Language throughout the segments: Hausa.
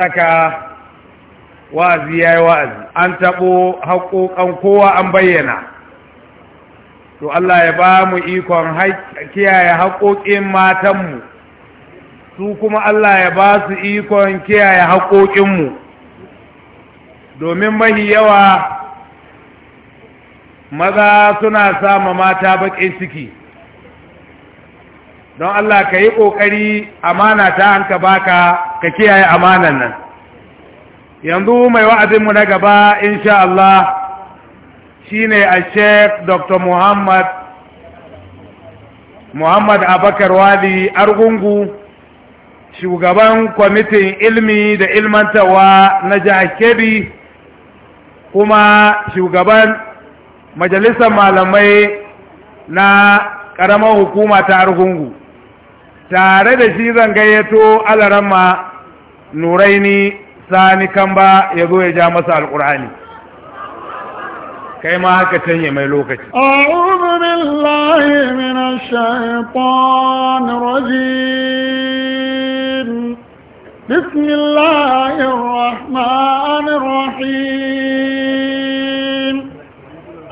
tsaka wa'azi ya yi wa'azi an taɓo haƙoƙan kowa an bayyana to Allah ya ba mu ikon kiyaye haƙoƙin matanmu su kuma Allah ya ba su ikon kiyaye haƙoƙinmu domin mahi yawa maza suna sama mata baƙin ciki don Allah ka yi ƙoƙari amana ta an ka baka ka kiyaye amanan nan yanzu mai wa'azinmu na gaba insha Allah shi ne a sheik dr muhammad muhammad abakar wali argungu shugaban kwamitin ilmi da ilmantawa na jihar kebbi kuma shugaban majalisar malamai na ƙaramar hukuma ta argungu tare da shi zan gayyato alarama nuraini sani kamba ya zo ya ja masa alkur'ani kai ma haka canye mai lokaci a'udhu billahi minash shaitanir rajim bismillahir rahmanir rahim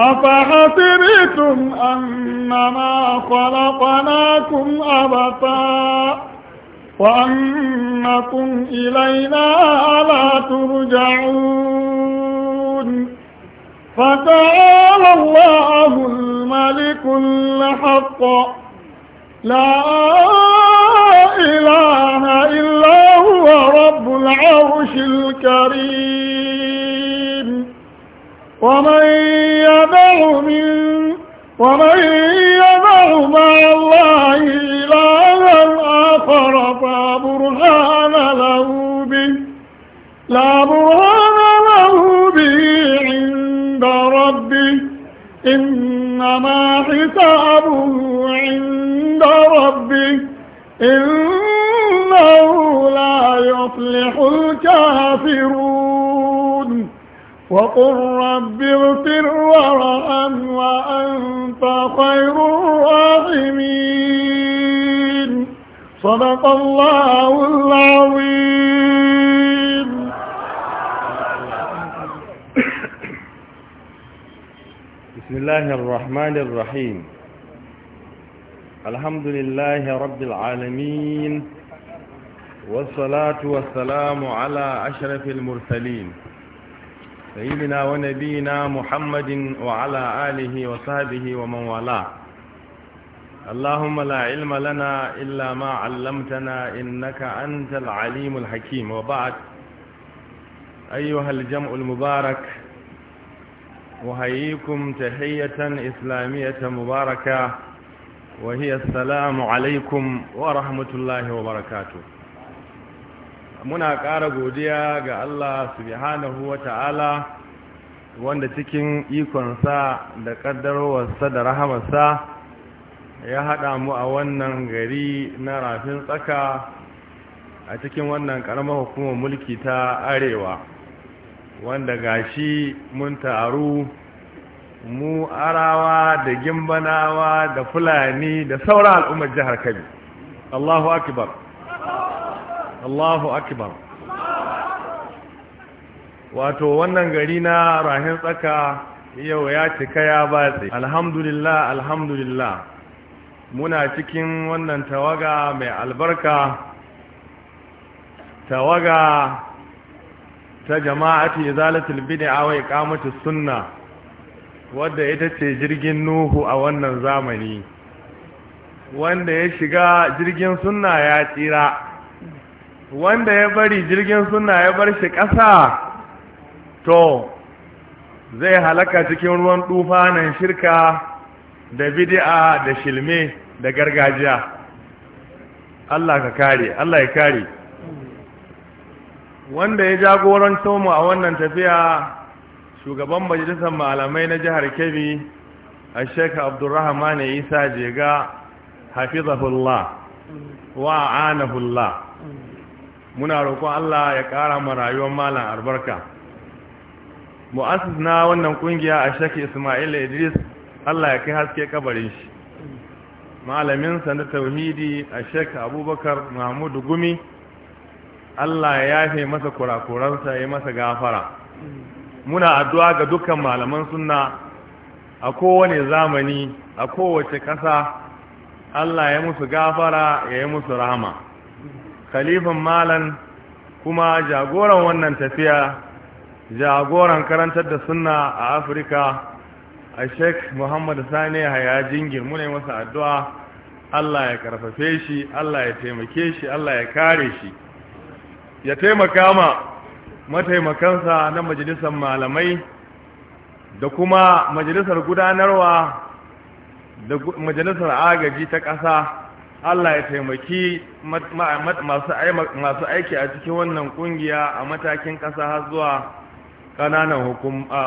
أفحسبتم أنما خلقناكم أبطا وأنكم إلينا لا ترجعون فتعالى الله الملك الحق لا إله إلا هو رب العرش الكريم ومن يدع من ومن يدع مع الله إلها آخر فبرهان له به لا برهان له به عند ربه إنما حسابه عند ربه إنه لا يفلح الكافرون وقل رب اغفر ورحم وأنت خير الراحمين صدق الله العظيم بسم الله الرحمن الرحيم الحمد لله رب العالمين والصلاة والسلام على أشرف المرسلين سيدنا ونبينا محمد وعلى آله وصحبه ومن والاه اللهم لا علم لنا إلا ما علمتنا إنك أنت العليم الحكيم وبعد أيها الجمع المبارك وهيكم تحية إسلامية مباركة وهي السلام عليكم ورحمة الله وبركاته muna ƙara godiya ga Allah subhanahu wa ta'ala wanda cikin ikonsa da ƙaddarwarsa da rahamarsa ya haɗa mu a wannan gari na rafin tsaka a cikin wannan ƙaramar hukumar mulki ta arewa wanda gashi mun taru mu arawa da gimbanawa da fulani da sauran al'ummar jihar kabi Allahu akbar Allahu akbar wato wannan gari na rahin tsaka yau ya cika ya batse alhamdulillah alhamdulillah muna cikin wannan tawaga mai albarka tawaga ta jama'ati izalatul bid'a wa iqamatus sunna wadda ita ce jirgin nuhu a wannan zamani wanda ya shiga jirgin sunna ya tsira wanda ya bari jirgin suna ya bar shi ƙasa to zai halaka cikin ruwan dufanin shirka da bidi'a da shilme da gargajiya Allah ka kare Allah ya kare wanda ya jagorancin mu a wannan tafiya shugaban majalisar malamai na jihar Kebbi a Sheikh Abdulrahman Isa Jega hafizahullah wa anahullah muna roƙon Allah ya ƙara ma rayuwar malam albarka mu'assis na wannan kungiya a shaki Ismail Idris Allah ya kai haske kabarin shi malamin na tauhidi a shek Abubakar Mahmud Gumi Allah ya yafe masa kurakuransa ya masa gafara muna addu'a ga dukkan malaman sunna a kowane zamani a kowace ƙasa Allah ya musu gafara ya yi musu rahama khalifan malan kuma jagoran wannan tafiya jagoran karantar da sunna a afirka a sheikh muhammad sani haya jingir yi masa addu'a allah ya karfafe shi allah ya taimake shi allah ya kare shi ya taimaka ma mataimakansa na majalisar malamai da kuma majalisar gudanarwa da majalisar agaji ta ƙasa Allah ya taimaki masu aiki a cikin wannan kungiya a matakin ƙasa har zuwa ƙananan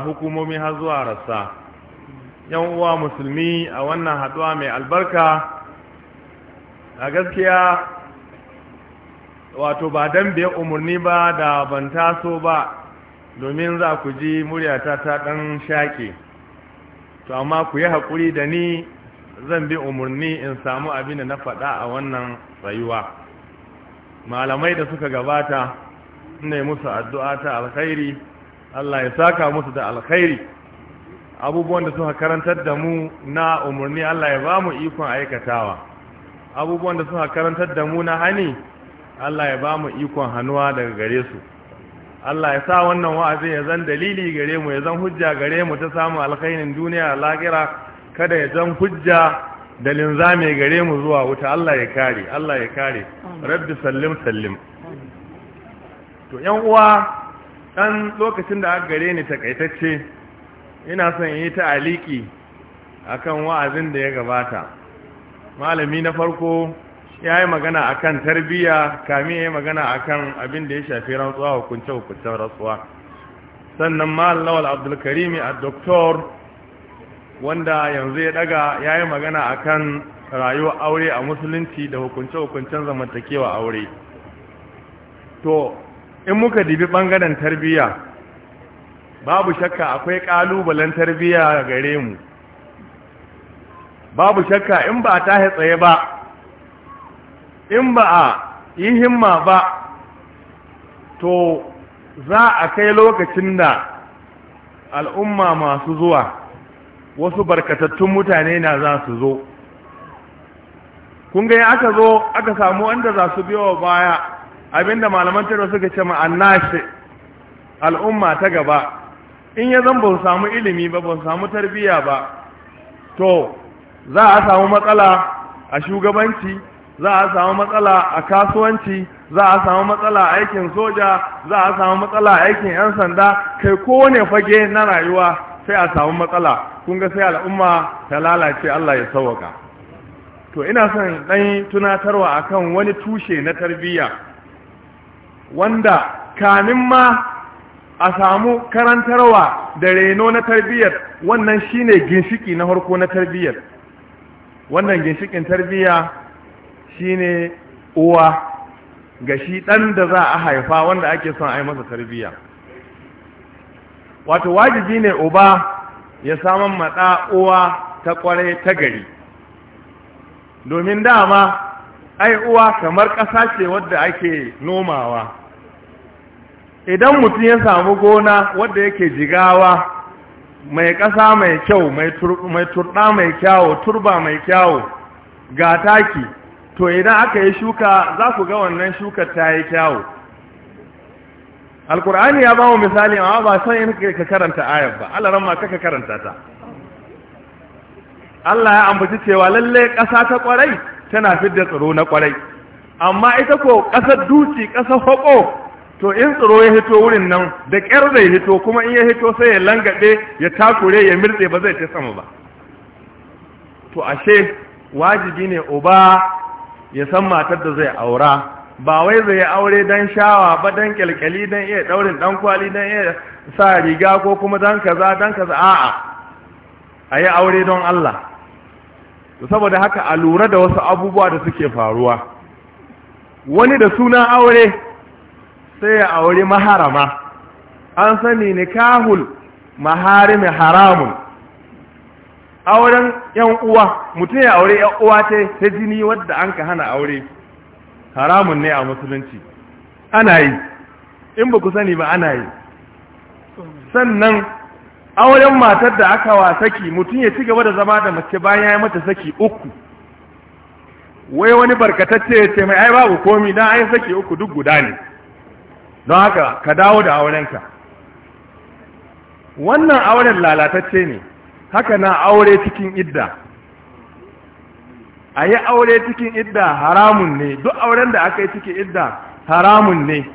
hukumomi har zuwa rassa. Yan uwa musulmi a wannan haɗuwa mai albarka a gaskiya wato ba don biya umarni ba da ban taso ba domin za ku ji muryata ta ɗan shaƙe. To amma ku yi haƙuri da ni zan bi umarni in samu abin da na faɗa a wannan rayuwa malamai da suka gabata ne musu addu'a ta alkhairi Allah ya saka musu da alkhairi abubuwan da suka karantar da mu na umarni Allah ya ba mu ikon aikatawa abubuwan da suka karantar da mu na hani Allah ya ba mu ikon hannuwa daga gare su Allah ya sa wannan wa'azi ya zan dalili gare mu ya zan hujja gare mu ta samu alkhairin duniya lahira kada ya zan hujja da mai gare mu zuwa wuta Allah ya kare Allah ya kare rabbi sallim sallim to yan uwa dan lokacin da aka gare ni takaitacce ina son yi ta aliki akan wa'azin da ya gabata malami na farko ya yi magana akan tarbiyya kami ya yi magana akan abin da ya shafi rantsuwa hukunce hukuncen rantsuwa sannan Malawal Abdulkarim abdulkarimi a doktor wanda yanzu ya daga ya yi magana a kan rayuwa aure a musulunci da hukunce-hukuncen zamantakewa aure to in muka dibi ɓangaren tarbiyya babu shakka akwai ƙalubalen tarbiyya gare mu babu shakka in ba a tahi tsaye ba in ba a yi himma ba to za a kai lokacin da al'umma masu zuwa wasu barkatattun mutane na za su zo kun ga aka zo aka samu wanda za su biyo baya abinda malaman tarwa suka ce ma'annashi al'umma ta gaba in ya zan ba su samu ilimi ba ba samu tarbiyya ba to za a samu matsala a shugabanci za a samu matsala a kasuwanci za a samu matsala aikin soja za a samu matsala aikin 'yan sanda kai kowane fage na rayuwa sai a samu matsala kun ga sai al'umma ta lalace Allah ya sauwaka to ina son ɗan tunatarwa akan wani tushe na tarbiyya wanda kanin ma a samu karantarwa da reno na tarbiyyar wannan shine ginshiki na harko na tarbiyyar wannan ginshikin tarbiyya shine uwa ga shi ɗan da za a haifa wanda ake son a yi masa tarbiyya wato wajibi ne uba ya saman maɗa uwa ta ƙwarai ta gari domin dama ai uwa kamar ƙasa ce wadda ake nomawa idan mutum ya samu gona wadda yake jigawa mai ƙasa mai kyau mai turɗa mai kyawo turba mai kyawo ga taki to idan aka yi shuka za ku ga wannan shukar ta yi kyawo alkur'ani ya ba mu misali amma ba son yin ka karanta ayar ba Allah ran ma ka karanta ta Allah ya ambaci cewa lalle ƙasa ta kwarai tana fidda tsaro na kwarai amma ita ko ƙasar duci ƙasar hoko to in tsaro ya hito wurin nan da ƙyar zai hito kuma in ya hito sai ya langaɗe ya takure ya mirtse ba zai ta sama ba to ashe wajibi ne uba ya san matar da zai aura ba wai zai aure don shawa ba don kyalkyali don iya daurin dan kwali don iya sa riga ko kuma don kaza don kaza a'a a yi aure don Allah saboda haka a lura da wasu abubuwa da suke faruwa wani da suna aure sai ya aure maharama an sani nikahul maharimi haramun auren yan uwa mutum ya aure yan uwa ta jini wadda an ka hana aure haramun ne a musulunci ana yi in ba ku sani ba ana yi sannan auren matar da aka wa saki mutum ya ci gaba da zama da mace bayan ya mata saki uku wai wani barkatacce ya ce mai ai babu komi dan ai saki uku duk guda ne don haka ka dawo da aurenka wannan auren lalatacce ne haka na aure cikin idda a yi aure cikin idda haramun ne duk auren da aka yi cikin idda haramun ne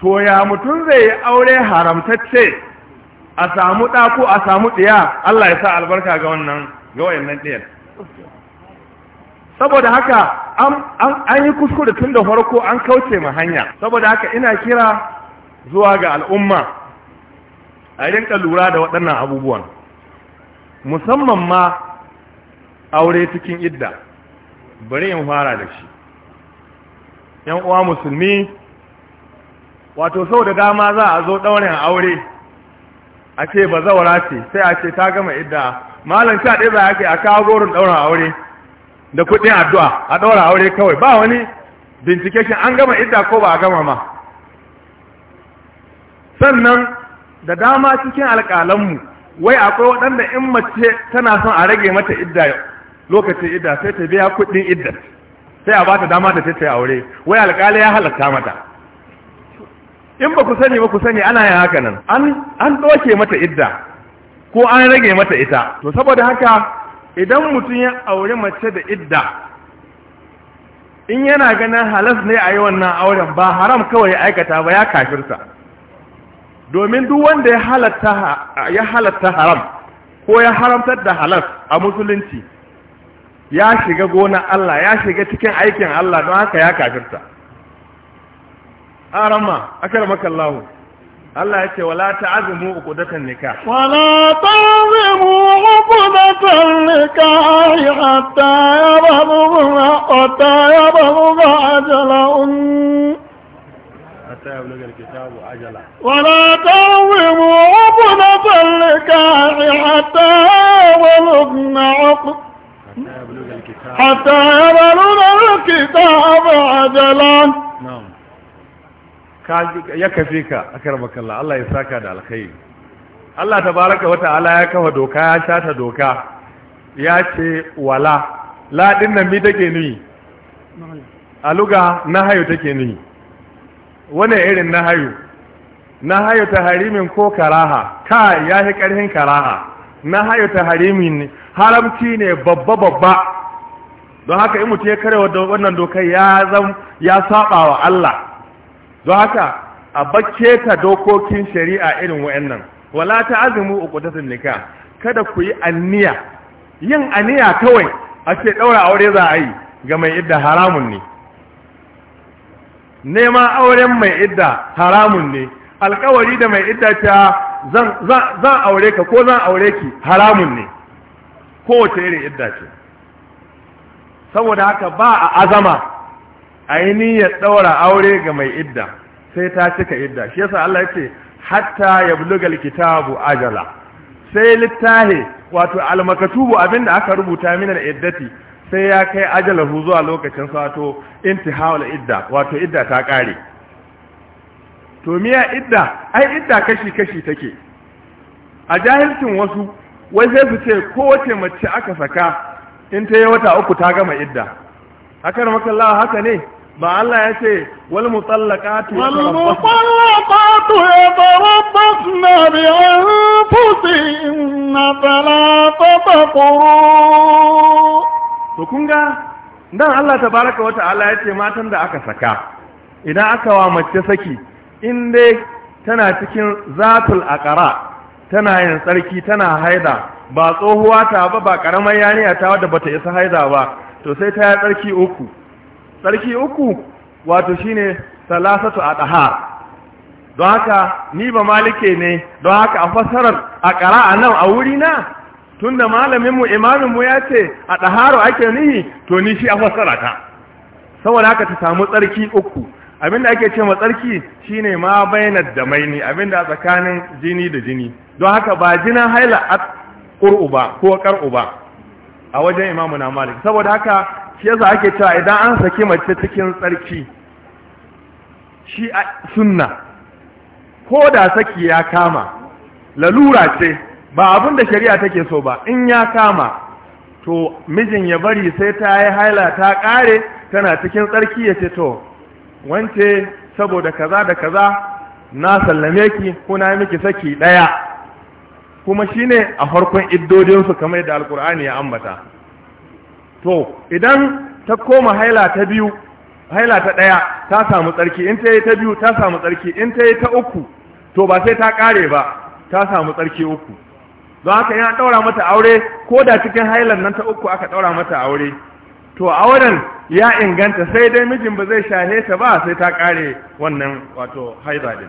to ya mutum zai yi aure haramtacce a samu ɗa a samu ɗiya Allah ya sa albarka ga wannan ga nan ɗiyar saboda haka an yi kuskure tun da farko an kauce ma hanya saboda haka ina kira zuwa ga al'umma a rinka lura da waɗannan abubuwan musamman ma aure cikin idda bari in fara da shi yan uwa musulmi wato sau da dama za a zo ɗaurin aure a ce ba zaura ce sai a ce ta gama idda malam sha ɗaya za a a kawo gorin ɗaurin aure da kuɗin addu'a a ɗaura aure kawai ba wani bincike shi an gama idda ko ba a gama ma sannan da dama cikin alƙalanmu wai akwai waɗanda in mace tana son a rage mata idda lokacin idda sai ta biya kuɗin idda sai a bata dama da ta aure wai alƙali ya halatta mata in ba ku sani ba ku sani ana yin haka nan an ɗoke mata idda ko an rage mata ita to saboda haka idan mutum ya aure mace da idda in yana ganin halas ne a yi wannan auren ba haram kawai aikata ba ya kafirta domin duk wanda ya halatta haram ko ya haramtar da halas a musulunci ya shiga gonar Allah ya shiga cikin aikin Allah don haka ya kafirta arama akramaka Allah Allah yake wala ta'zimu uqdatan nikah wala ta'zimu uqdatan nikah hatta yablugha hatta yablugha ajalun hatta yablugha ajala wala ta'zimu uqdatan nikah hatta yablugha حتى يبلغ الكتاب عجلا ya kafe ka akarmaka Allah Allah ya saka da alkhairi Allah tabaraka wata ta'ala ya kafa doka ya shata doka ya ce wala la nan mi take ni aluga nahayu take ni wane irin nahayu nahayu ta harimin ko karaha ka yahi karhin karaha na hayo ta harimi ne haramci ne babba babba don haka in mutu ya kare wannan dokar ya zan ya saba wa Allah don haka a bakke ta dokokin shari'a irin wa'annan wala ta azumu uqdatun nikah kada ku yi anniya yin aniya kawai a ce daura aure za a yi ga mai idda haramun ne Nema auren mai idda haramun ne alkawari da mai idda zan aure ka ko zan aure ki haramun ne kowace irin idda ce saboda haka ba a azama a yi niyyar ɗaura aure ga mai idda sai ta cika idda shi yasa Allah ce hatta ya bulugal kitabu ajala sai littahi wato almakatubu abinda aka rubuta minan iddati sai ya kai ajalahu zuwa lokacin sato intihawal idda wato idda ta ƙare to miya idda ai idda kashi kashi take a jahilcin wasu wai sai su ce kowace mace aka saka in ta yi wata uku ta gama idda haka da makallawa haka ne ba Allah ya ce wal mutallaqatu wal mutallaqatu yatarabbasna bi anfusihinna fala quru to kun ga dan Allah tabaraka wa ta'ala ya ce matan da aka saka idan aka wa mace saki in dai tana cikin zatul aqara tana yin tsarki tana haida ba tsohuwa ta ba ba karamar yariya ta wadda bata isa haida ba to sai ta yi tsarki uku tsarki uku wato shine salasatu ɗaha don haka ni ba malike ne don haka a fasarar aqara nan a wuri na tunda malamin mu imaminmu mu yace a ɗaharu ake nihi to ni shi a fasara ta saboda haka ta samu tsarki uku abinda ake ce ma tsarki shine ma bainar da maini abinda a tsakanin jini da jini don haka ba jinin haila a ƙur'u ba ko ƙar'u ba a wajen imamu na malik saboda haka shi yasa ake cewa idan an saki mace cikin tsarki shi a sunna ko da saki ya kama lalura ce ba abin da shari'a take so ba in ya kama to mijin ya bari sai ta yi haila ta ƙare tana cikin tsarki ya ce to wance saboda kaza da kaza na sallame ki ko na miki saki ɗaya kuma shine a farkon iddodinsu kamar da alkur'ani ya ambata to idan ta koma haila ta biyu haila ta ɗaya ta samu tsarki in ta yi ta biyu ta samu tsarki in ta yi ta uku to ba sai ta ƙare ba ta samu tsarki uku don haka yana daura mata aure ko da cikin hailan nan ta uku aka daura mata aure to auren ya inganta sai dai mijin ba zai shahe ta ba sai ta kare wannan wato haiza din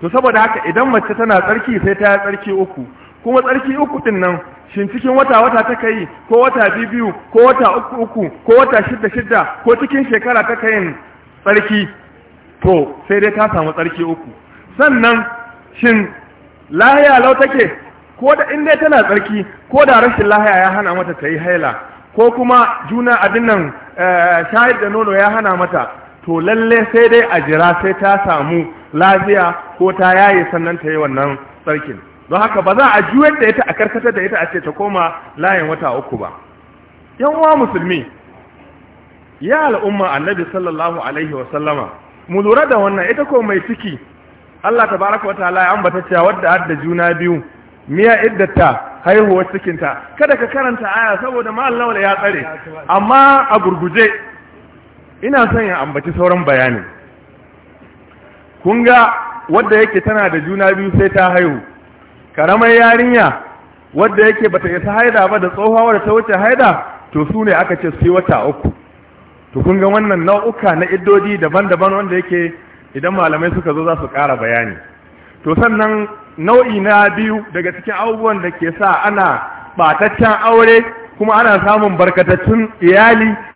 to saboda haka idan mace tana tsarki sai ta tsarki uku kuma tsarki uku din nan shin cikin wata wata ta kai ko wata biyu ko wata uku uku ko wata shidda shidda ko cikin shekara ta kai tsarki to sai dai ta samu tsarki uku sannan shin lahiya lau take ko da in dai tana tsarki ko da rashin lahiya ya hana mata ta yi haila ko kuma juna abin nan eh, shayar da nono ya hana mata to lalle sai dai a jira sai ta samu lafiya ko ta yaye sannan ta yi wannan tsarkin don haka ba za a juyar da ita a karkatar da ita a ce ta koma layin wata uku ba yan uwa musulmi ya al'umma annabi sallallahu alaihi wa sallama mu lura da wannan ita ko mai ciki Allah tabaraka wa ta'ala ya ambata cewa wadda adda juna biyu miya iddata haihuwar cikinta kada ka karanta aya saboda ma'an laula ya tsare amma a gurguje ina son ya ambaci sauran bayani kun ga wadda yake tana da juna biyu sai ta haihu karamar yarinya wadda yake bata isa haida ba da tsohuwa da ta wuce haida to su ne aka ce sai wata uku to kun ga wannan nau'uka na iddodi daban-daban wanda yake idan malamai suka zo za su ƙara bayani to sannan nau'i na biyu daga cikin abubuwan da ke sa ana ɓataccen aure kuma ana samun barkatattun iyali